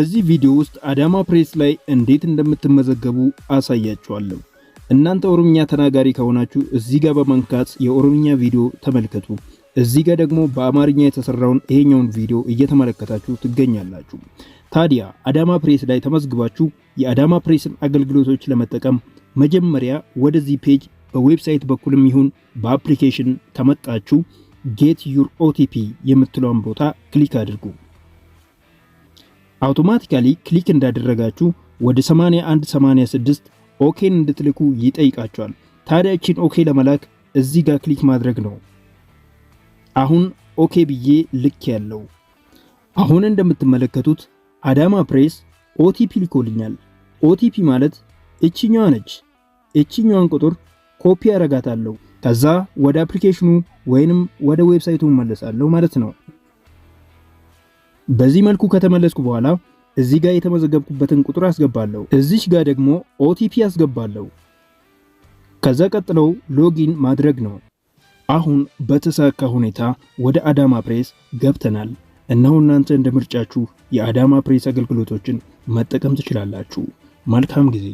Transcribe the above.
በዚህ ቪዲዮ ውስጥ አዳማ ፕሬስ ላይ እንዴት እንደምትመዘገቡ አሳያችኋለሁ። እናንተ ኦሮምኛ ተናጋሪ ከሆናችሁ እዚህ ጋር በመንካት የኦሮምኛ ቪዲዮ ተመልከቱ። እዚህ ጋር ደግሞ በአማርኛ የተሰራውን ይሄኛውን ቪዲዮ እየተመለከታችሁ ትገኛላችሁ። ታዲያ አዳማ ፕሬስ ላይ ተመዝግባችሁ የአዳማ ፕሬስን አገልግሎቶች ለመጠቀም መጀመሪያ ወደዚህ ፔጅ በዌብሳይት በኩልም ይሁን በአፕሊኬሽን ተመጣችሁ ጌት ዩር ኦቲፒ የምትለውን ቦታ ክሊክ አድርጉ። አውቶማቲካሊ ክሊክ እንዳደረጋችሁ ወደ 8186 ኦኬን እንድትልኩ ይጠይቃችኋል። ታዲያ እቺን ኦኬ ለመላክ እዚህ ጋር ክሊክ ማድረግ ነው። አሁን ኦኬ ብዬ ልክ ያለው አሁን እንደምትመለከቱት አዳማ ፕሬስ ኦቲፒ ልኮልኛል። ኦቲፒ ማለት እችኛዋ ነች። እችኛዋን ቁጥር ኮፒ አረጋታለሁ። ከዛ ወደ አፕሊኬሽኑ ወይንም ወደ ዌብሳይቱ መለሳለሁ ማለት ነው። በዚህ መልኩ ከተመለስኩ በኋላ እዚህ ጋር የተመዘገብኩበትን ቁጥር አስገባለሁ። እዚሽ ጋር ደግሞ ኦቲፒ አስገባለሁ። ከዛ ቀጥለው ሎጊን ማድረግ ነው። አሁን በተሳካ ሁኔታ ወደ አዳማ ፕሬስ ገብተናል። እነሆ እናንተ እንደ ምርጫችሁ የአዳማ ፕሬስ አገልግሎቶችን መጠቀም ትችላላችሁ። መልካም ጊዜ